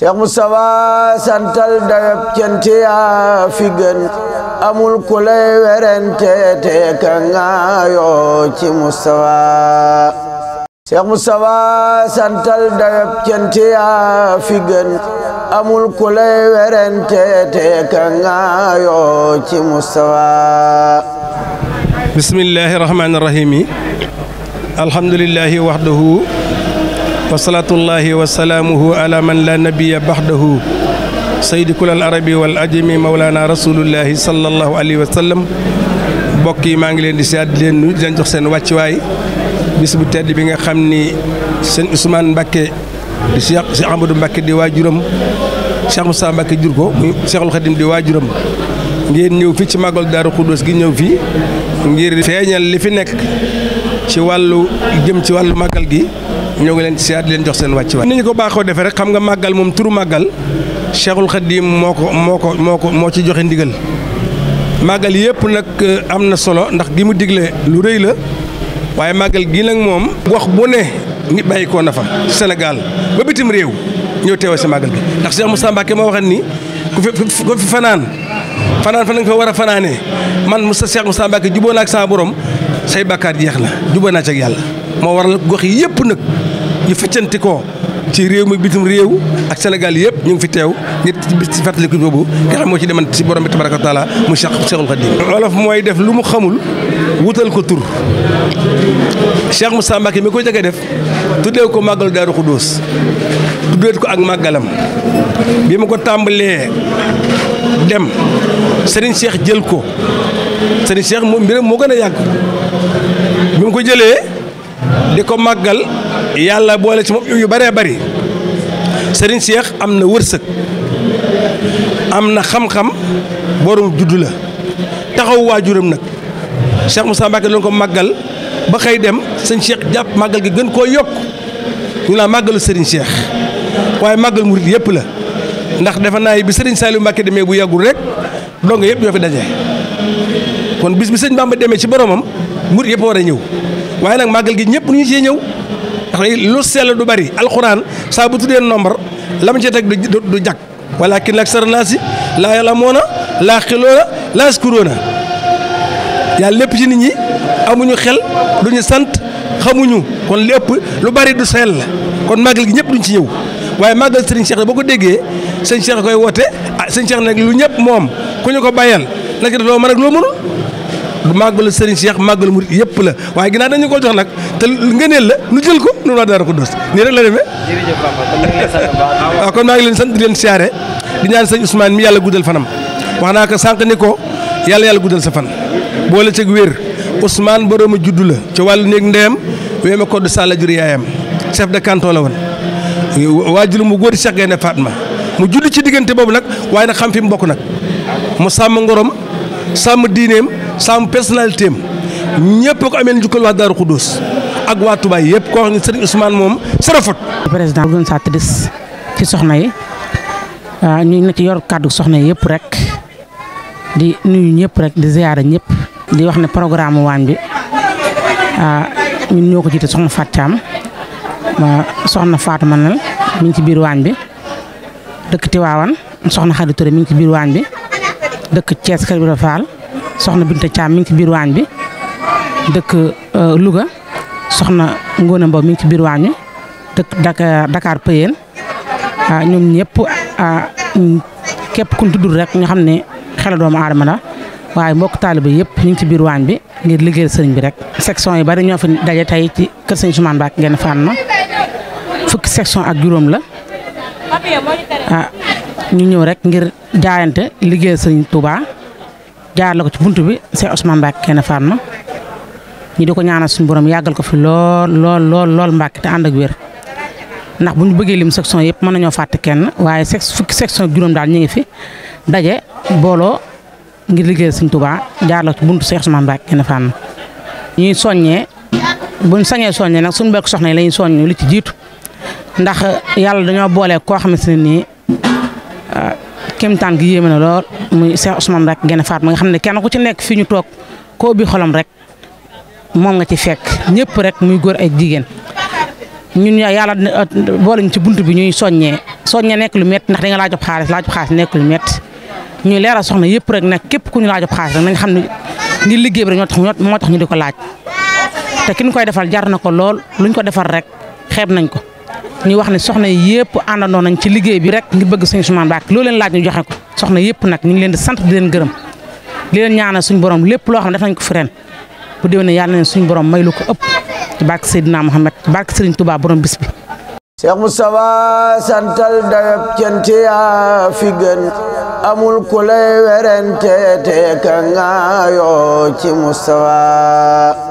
Seex Mustafa santal dayop cente yaa fi gën amul ku werente te ka ngaayoo Mustafa Seex Mustafa yaa fi amul ku werente te ka ngaayoo Mustafa bismillahi alhamdulillahi wahdahu wa salaatullahi wa salaamuhu ala man la nabiya baxdahu saydi kulal arabi wal ajami mawlaana rasulullahi sallallahu alayhi wa sallam mbokk yi maa ngi leen di siyaat di leen di leen jox seen wàccuwaay bis bu tedd bi nga xam ni seen Ousmane Mbakke di Cheikh Cheikh Amadou Mbakke di waajuram Cheikh Moussa Mbakke jur ko muy Cheikhul Khadim di waajuram ngeen ñëw fii ci màggal Daaru Xuddoos gi ñëw fii ngir feeñal li fi nekk ci wàllu jëm ci wàllu màggal gi ñoo ngi leen di siyaar leen jox seen wàccuwaay. ni ñu ko baaxoo defee rek xam nga màggal moom turu màggal Cheikhul Khadim moo ko moo ko moo ko moo ci joxe ndigal màggal yépp nag eh, am na solo ndax gi mu digle lu rëy la waaye màggal gi nag moom. gox bu ne bàyyi ko na fa Sénégal ba bitim réew ñëw teewee sa màggal bi ndax Cheikh mu Mbacké moo waxoon ni ku fi fanaan fanaan fa nga fa war a fanaanee man Moussa Cheikh Moussa Mbacké juboo naa ak saa borom say bàkkaar jeex na juboo naa ci yàlla moo waral gox yëpp nag. yu feccanti ko ci réew mi bitim réew ak Sénégal yëpp ñu ngi fi teew ngir ci fàttaliku boobu nga xam moo ci deman ci borom bi tabaraka wa taala mu Cheikh Cheikhul Khadim wolof mooy def lu mu xamul wutal ko tur Cheikh Moussa Mbacké mi ko jëkkee def tuddee ko màggal màggalu Daaru Xudóos tuddee ko ak màggalam bi mu ko tàmbalee dem Serigne Cheikh jël ko Serigne Cheikh moom mbiram moo gën a yàgg bi mu ko jëlee di ko màggal yàlla boole si moom yu bëree bëri sëriñ Cheikh am na wërsëg am na xam-xam borom juddu la taxaw waajuram nag Cheikh Moussa Mbacke doon ko màggal ba xëy dem sëñ Cheikh jàpp màggal gi gën koo yokk ñu naa màggalu sëriñ Cheikh waaye màggal murit yëpp la ndax defe naa yi bi sëriñ Saliou Mbacke demee bu yàggul rek dong yëpp ñoo fi daje kon bis bi sëñ Bamba demee ci boromam murit yëpp war a ñëw. waaye nag màggal gi ñëpp ñu ciy ñëw ndax lu sell du bari alxuraan saabu bu tuddee nombre la mu ci teg du du jag walaakin aksara naasi laa ya'lamuuna laa yaqiluuna laa yashkuruuna yàlla lépp ci nit ñi amuñu xel duñu sant xamuñu kon lépp lu bari du sell la kon màggal gi ñëpp duñ ci ñëw waaye màggal sëriñ Cheikh boo ko déggee sëñ Cheikh koy woote ah sëñ Cheikh nag lu ñëpp moom ku ñu ko bàyyal nag loo mën loo mënul. du la Serigne Cheikh màggalu murit yëpp la waaye ginnaaw dañu ko jox nag te ngëneel la nu jël ko nu waa ko Xudoos nii rek la demee. waaw kon maa ngi leen sant di leen siyaare di ñaan sëñ Ousmane mi yàlla guddal fanam wax naa ko sànq ni ko yàlla yàlla guddal sa fan la ceeg wér Ousmane borom a juddu la ci wàll néeg ndeyam weema kodd Sall jur yaayam chef de canton la woon waajur mu góor Cheikh Gaynde Fatma mu judd ci diggante boobu nag waaye nag xam fi mu bokk nag mu sàmm ngorom sam personnalité am ñëpp ko amee njukkal waa Daaru Xudoos ak waa Touba yëpp koo xam ne Serigne Ousmane moom sa rafet. président bu gën saa tëddis ci soxna yi ah, ñu na ci yor kàddu soxna yëpp rek di nuyu ñëpp rek di ñëpp di wax ne programme waañ bi ah, ñun ñoo ko jiite soxna Fatou Thiam soxna Fatou Manal mi ngi ci biir waañ bi dëkk Tiwaawan soxna Xadi Touré mi ngi ci biir waañ bi dëkk Thiès soxna Binta Thiam mi ngi ci biir waañ bi dëkk euh, Louga soxna Ngone Mbow mi ngi ci biir waañ bi dëkk Dakar Dakar Payeen ah, ñoom ñëpp ah, képp ku ñu tuddul rek nga xam ne xel doomu aadama la waaye mbokk taaliba yëpp ñu ngi ci biir waañ bi ngir liggéeyal sëriñ bi rek. section yi bari ñoo fi daje tey ci kër sëñ Soumaré Mbacke ngeen fànn fukki section ak juróom la ah, ñu ñëw rek ngir jaayante liggéeyal sëriñ Touba. jaar la ko ci bunt bi Cheikh Ousmane Mbacke kenn faam na ñu di ko ñaanal suñ boroom yàggal ko fi lool lool lool lool Mbacke te ànd ak wér ndax bu ñu bëggee lim section yëpp mën nañoo fàtte kenn waaye sex fukki section juróom daal ñu ngi fi daje booloo ngir liggéeyal Sëñ Tuubaa jaar la ci buntu Cheikh Ousmane Mbacke kenn faam na ñuy soññee buñ sañee soññee nag suñu mbokk soxna yi la ñuy soññu li ci jiitu ndax yàlla dañoo boole koo xamante ne nii kéemtaan gi yéeme na lool muy Cheikh Ousmane rek gën a faat ma nga xam ne kenn ku ci nekk fi ñu toog koo bi xolam rek moom nga ci fekk ñëpp rek muy góor ay jigéen ñun yàlla boole ñu ci bunt bi ñuy soññee soññee nekk lu métti ndax da nga laa jox xaalis laa jox xaalis nekk lu ñu ñuy leeral soxna yëpp rek nag képp ku ñu laa jox xaalis rek na xam ne ni liggéey bi rek moo tax ñu di ko laaj te ki ñu koy defal jar na ko lool luñ ko defal rek xeeb nañ ko. ñu wax ne soxna yëpp àndandoo nañ ci liggéey bi rek ngir bëgg sëñ Ousmane Mbacké loo leen laaj ñu joxe ko soxna yëpp nag ñu ngi leen di sant di leen gërëm di leen suñ suñu borom lépp loo xam ne def ko fi ren bu déwénee yàlla na suñu borom may lu ko ëpp ci barke Seydina Mohamed barke Serigne Touba borom bis bi. Cheikh Moustapha santal dayab cant yaa fi gën amul ku lay werante te ka nga yoo ci Moustapha.